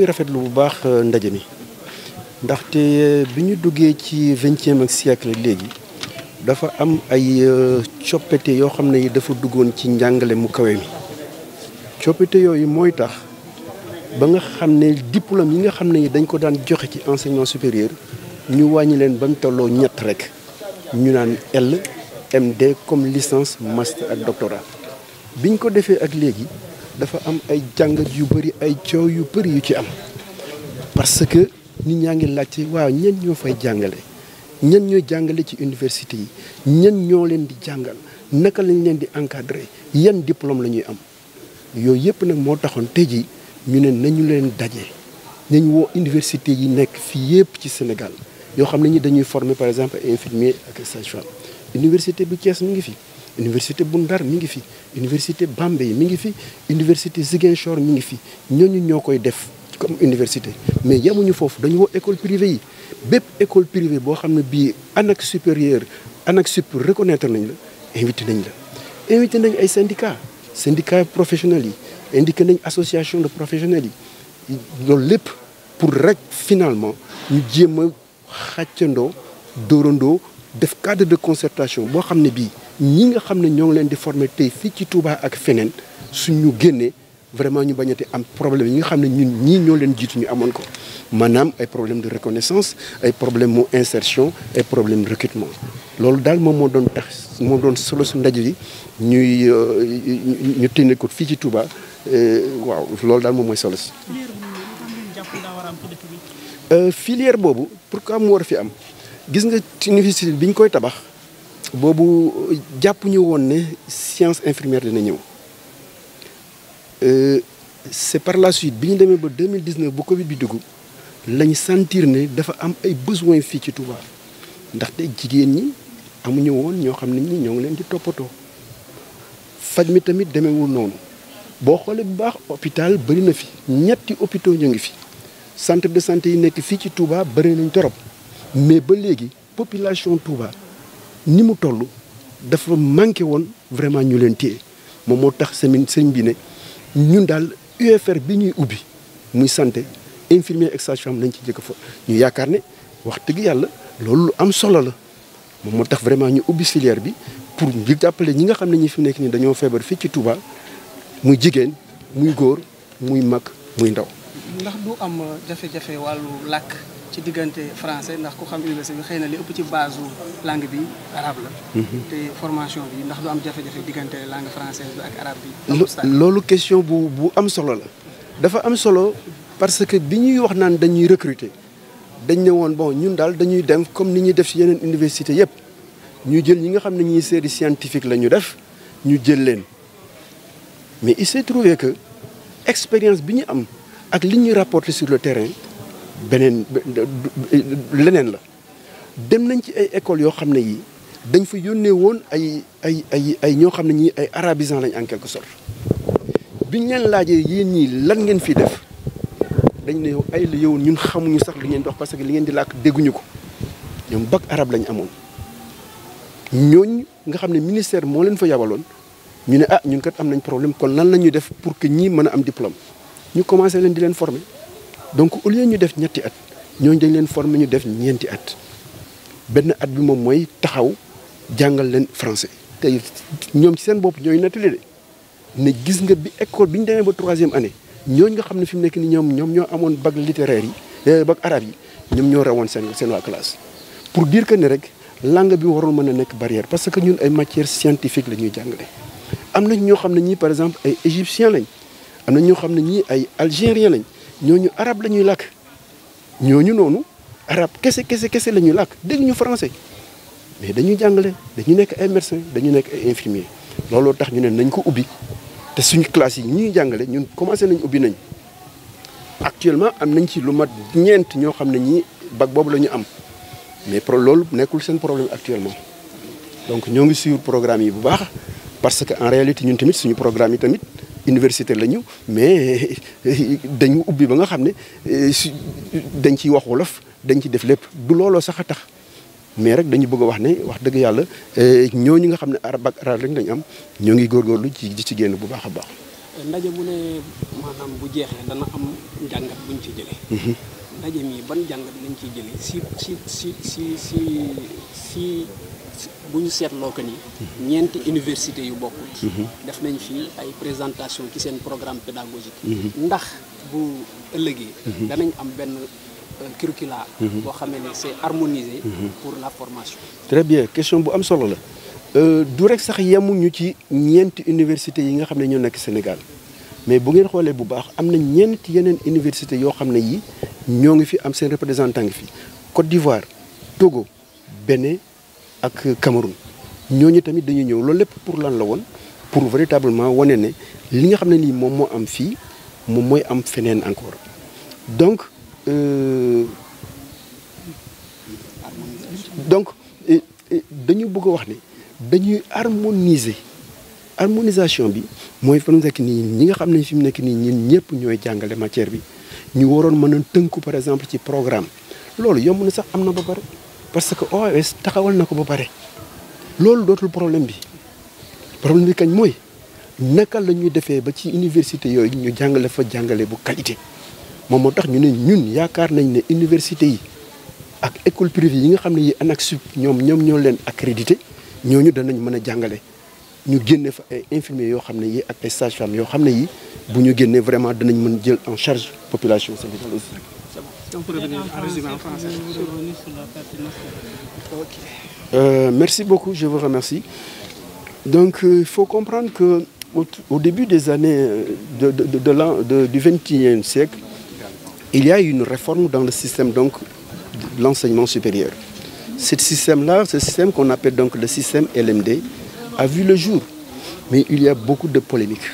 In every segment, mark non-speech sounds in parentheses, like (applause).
ngi rafetlu bu baax euh, ndaje mi ndaxte euh, bi ñu duggee ci vingtième siècle léegi dafa am ay euh, coppete yoo xam ne dafa duggoon ci njàngale mu kawe mi coppete yooyu mooy tax ba nga xam ne diplôme yi nga xam ne dañ ko daan joxe ci enseignement supérieur ñu wàññi leen ba tolloo ñett rek ñu naan L MD comme licence master ak doctorat biñ ko defee ak léegi. dafa am ay jàngat yu bëri ay coow yu bëri yu ci am parce que nit ñaa ngi laajte waaw ñen ñoo fay jàngale ñen ñooy jàngale ci université yi ñen ñoo leen di jàngal naka lañ leen di encadrer yan diplôme la ñuy am yooyu yëpp nag moo taxoon tey jii ñu ne nañu leen daje nañ woo université yi nekk fii yëpp ci Sénégal yoo xam ne ñi dañuy former par exemple infirmier ak sage-femme université bu Thiès mi ngi fii université bu Ndar mi ngi fi université bambe yi mi ngi fi université Ziguinchor mi ngi fi ñooñu ñoo koy def comme université mais yemuñu foofu dañu woo école privée yi bépp école privée boo xam ne bii anak supérieur anak sup reconnaître nañ la invité nañ la invité nañ ay syndicat syndicat professionnels yi indiqué nañ association de professionnels yi loolu lépp pour rek finalement ñu jéem a xàccandoo dóorandoo def cadre de concertation boo xam ne bii ñii nga xam ne ñoo ngi leen di former tey fii ci Touba ak feneen ñu génnee vraiment ñu bañati am problème yi nga xam ne ñun ñii ñoo leen jiitu ñu amoon ko maanaam ay problème de reconnaissance ay problème mu insertion ay problème de recrutement loolu daal moom moo doon tax moom doon solo su ndaje yi ñuy euh, ñu tënne ko fii ci Touba euh, waaw loolu daal moom mooy solo si filière boobu pour que am euh, war a fi am gis nga université bi ñu koy tabax boobu jàpp ñu woon ne science infirmière dina ñëw euh, c'est par la suite bi ñu demee ba 2019 bu Covid bi dugg lañ sentir ne dafa am ay besoins fii ci Touba ndaxte jigéen ñi amuñu woon ñoo xam ne ñi ñoo ngi leen di toppatoo faj mi tamit demeewul noonu boo xoolee bu baax hôpital bëri na fi ñetti hôpitaux ñu ngi fi centre de santé yi nekk fii ci Touba bëri nañ torop mais ba léegi population Touba ni mu toll dafa manqué woon vraiment ñu leen téye moom moo tax semaine sëñ bi ne ñun daal UFR bi ñuy ubbi muy sante infirmier ak sage lañ ci njëkk fa ñu yaakaar ne wax dëgg yàlla loolu lu am solo la moom moo tax vraiment ñu ubbi filière bi pour ñu jàppale ñi nga xam ne ñi fi nekk nii dañoo feebar fii ci Touba muy jigéen muy góor muy mag muy ndaw. ndax du am jafe-jafe wàllu làkk. ci diggante français ndax ku xam université bi xëy na li ëpp ci base langue bi arabe la. Mhm. formation bi ndax du am jafe diggante langue française bi ak arabe bi. loolu question bu bu am solo la. dafa am solo parce que bi ñuy wax naan dañuy recruter dañ ne woon bon ñun daal dañuy dem comme ni ñuy def ci yeneen université yëpp ñu jël ñi nga xam ne ñii série scientifique la ñu def ñu jël leen mais il s'est trouvé que expérience bi ñu am ak li ñuy rapporter sur le terrain. beneen leneen la dem nañ ci ay écoles yoo xam ne yii dañ fa yónnee woon ay ay ay ay ñoo xam ne ñii ay arabisants lañ en quelque sorte biñ leen laajee yéen ñii lan ngeen fi def dañ ne yow ay la yow ñun xamuñu sax li ngeen dox parce que li ngeen di làkk dégguñu ko ñoom bac arab lañu amoon. ñooñ nga xam ne ministère moo leen fa yabaloon ñu ne ah ñun kat am nañ problème kon lan la ñuy def pour que ñii mën a am diplôme ñu commencé leen di leen forme donc au lieu ñu def ñetti at ñooñu dañ leen former ñu def ñeenti at benn at bi moom mooy taxaw jàngal leen français te ñoom ci seen bopp ñooy nettali de ne gis nga bi ecole bi ñu demee ba troisième année ñooñ nga xam ne fi mu nekk ni ñoom ñoom ñoo amoon bac littéraire yi eh, bac arabe yi ñoom ñoo rawoon seen seen waa classe pour dire que ne rek langue bi warul mën a nekk barrière parce que ñun ay matières scientifiques la ñuy jàngale am nañ ñoo xam ne ñii par exemple ay égyptiens lañ am nañ ñoo xam ne ñii ay algériens lañ ñooñu arab la ñuy làkk ñooñu noonu arab kese kese kese la ñuy làkk dégg ñu français mais dañuy jàngale dañu nekk ay médecin dañu nekk ay infirmier looloo tax ñu ne nañ ko ubbi te suñu classe yi ñuy jàngale ñun commencé nañ ubbi nañ actuellement am nañ ci lu mat ñeent ñoo xam ne ñii bac boobu la ñu am mais pro loolu nekkul seen problème actuellement donc ñoo ngi suivre programme yi bu baax parce que en réalité ñun tamit suñu programme yi tamit université la ñu mais dañu ubbi ba nga xam ne eh, dañ ciy wax wolof dañ ci def lépp du looloo sax a tax mais rek dañu bëgg a wax ne wax dëgg yàlla eh, ñooñu nga xam ne arab ak arab rek lañu am ñoo ngi góorgóorlu ci ci génn bu baax a baax. ndaje mu ne maanaam bu jeexee dana am njàngat buñ ci jëlee. Mhm. ndaje mi ban njàngat lañ ciy jëlee si si si si si. bu ñu seetloo que ni ñeenti université yu bokkut def nañ fi ay présentation ci seen programme pédagogique ndax bu ëllëgee danañ am benn euh, curricula boo xam ne c'est harmonisé pour la formation très bien question bu am solo la euh, du rek sax yemuñu ci ñeenti université yi nga xam ne ñoo nekk Sénégal mais bu ngeen xoolee bu baax am na ñeenti yeneen université yoo xam ne yi ñoo ngi fi am seen représentant ngi fi Côte d'Ivoire Togo Bénin ak Cameroun ñooñu tamit dañuy ñëw loolu lépp pour lan la woon pour véritablement wane ne li nga xam ne nii moom moo am fii moom mooy am feneen encore donc euh, donc dañu bëgg a wax ne dañuy harmoniser harmonisation bi mooy fa mu nii ñi nga xam ne fi mu nekk nii ñun ñëpp ñooy jàngale matière bi ñu waroon mën a tënku par exemple ci programme loolu yomb na sax am na ba pare. parce que OMS taxawal na ko ba pare loolu dootul problème bi problème bi kañ mooy naka la ñuy defee ba ci université yooyu ñu jàngale fa jàngale bu qualité moom moo tax ñu ne ñun yaakaar nañ ne université yi ak école privée yi nga xam ne yi ANAQ-Sup ñoom ñoom ñoo leen accrédité ñooñu danañ mën a jàngale ñu génne fa ay infirmiers yoo xam ne yi ak ay sages-femmes yoo xam ne yi bu ñu génnee vraiment danañ mën jël en charge population sénégalaise Donc, revenir en résumé en français. Euh, merci Donc, euh, il euh, faut comprendre que au, début des années euh, de, de, de, de du XXIe siècle, il y a une réforme dans le système donc, de l'enseignement supérieur. Ce système-là, ce système qu'on appelle donc le système LMD, a vu le jour. Mais il y a beaucoup de polémiques.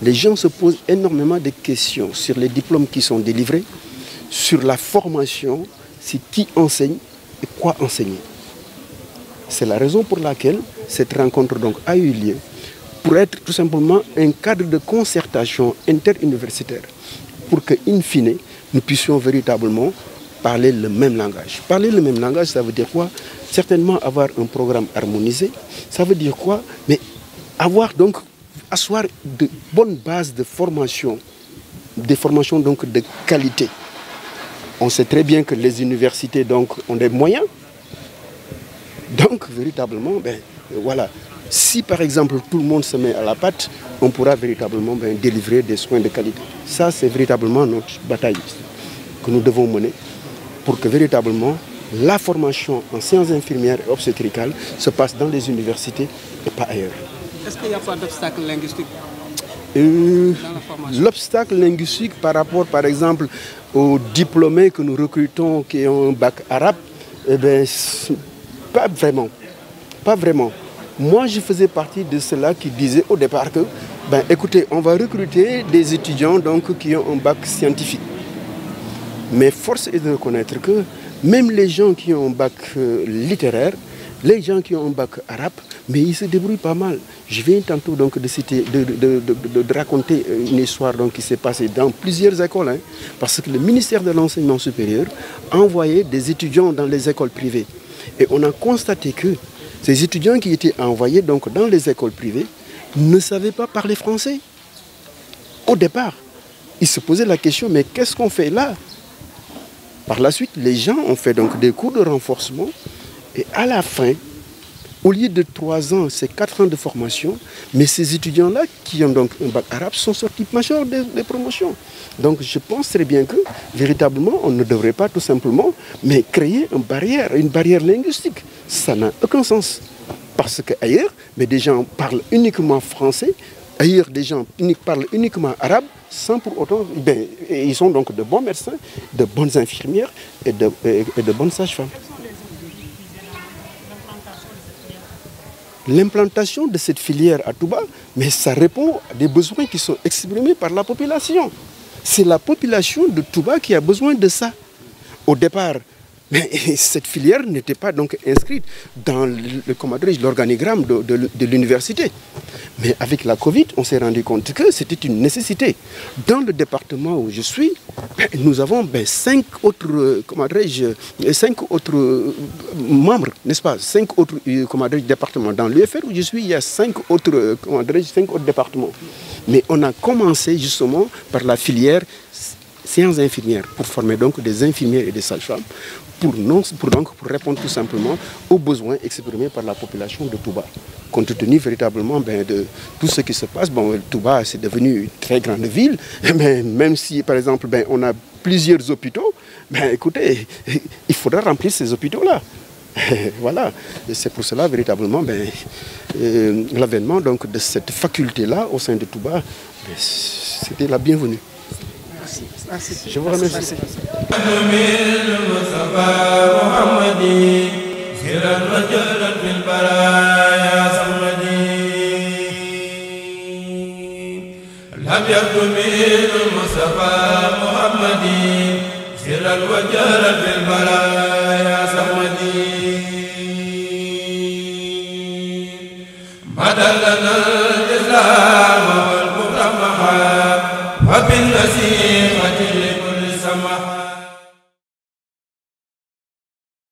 Les gens se posent énormément de questions sur les diplômes qui sont délivrés, sur la formation, c'est qui enseigne et quoi enseigner. C'est la raison pour laquelle cette rencontre donc a eu lieu pour être tout simplement un cadre de concertation interuniversitaire pour que, in fine, nous puissions véritablement parler le même langage. Parler le même langage, ça veut dire quoi Certainement avoir un programme harmonisé. Ça veut dire quoi Mais avoir donc, asseoir de bonnes bases de formation, donc de qualité. on sait très bien que les universités donc ont des moyens donc véritablement euh, voilà si par exemple tout le monde se met à la pâte on pourra véritablement ben délivrer des soins de qualité ça c'est véritablement notre bataille que nous devons mener pour que véritablement la formation en sciences infirmières et obstétricales se passe dans les universités et pas ailleurs euh, l'obstacle linguistique par rapport par exemple aux diplômés que nous recrutons qui ont un bac arabe, eh bien, pas vraiment. Pas vraiment. Moi, je faisais partie de ceux-là qui disaient au départ que, ben, écoutez, on va recruter des étudiants donc, qui ont un bac scientifique. Mais force est de reconnaître que même les gens qui ont un bac euh, littéraire, les gens qui ont un bac arabe, mais ils se débrouillent pas mal. Je viens tantôt donc de, citer, de, de, de, de raconter une histoire qui s'est passée dans plusieurs écoles, hein, parce que le ministère de l'Enseignement supérieur envoyait des étudiants dans les écoles privées. Et on a constaté que ces étudiants qui étaient envoyés dans les écoles privées ne savaient pas parler français. Au départ, ils se posaient la question, mais qu'est-ce qu'on fait là Par la suite, les gens ont fait donc des cours de renforcement Et à la fin, au lieu de trois ans, c'est quatre ans de formation, mais ces étudiants-là qui ont donc un bac arabe sont sortis majeurs des, des, promotions. Donc je pense très bien que véritablement, on ne devrait pas tout simplement mais créer une barrière, une barrière linguistique. Ça n'a aucun sens. Parce qu'ailleurs, mais des gens parlent uniquement français, ailleurs des gens parlent uniquement arabe, sans pour autant... Ben, ils sont donc de bons médecins, de bonnes infirmières et de, et de bonnes sages-femmes. l'implantation de cette filière à Touba, mais ça répond à des besoins qui sont exprimés par la population. C'est la population de Touba qui a besoin de ça. Au départ, (laughs) mais cette filière n'était pas donc inscrite dans l'organigramme de, de, de l'université. Mais avec la Covid, on s'est rendu compte que c'était une nécessité. Dans le département où je suis, nous avons ben, cinq autres, euh, comment euh, cinq autres euh, membres, n'est-ce pas Cinq autres comment départements. Dans l'UFR où je suis, il y a cinq autres, comment cinq autres départements. Mais on a commencé justement par la filière sciences infirmières pour former donc des infirmières et des sages-femmes pour, non, pour, donc, pour répondre tout simplement aux besoins exprimés par la population de Touba. Compte tenu véritablement ben, de tout ce qui se passe, bon, Touba c'est devenu très grande ville, (laughs) mais si par exemple ben, on a plusieurs hôpitaux, ben, écoutez, (laughs) il faudra remplir ces hôpitaux-là. (laughs) voilà, c'est pour cela véritablement ben, euh, de cette faculté-là au sein de Touba, c'était la bienvenue. Merci. Je vous remercie. Merci. Merci.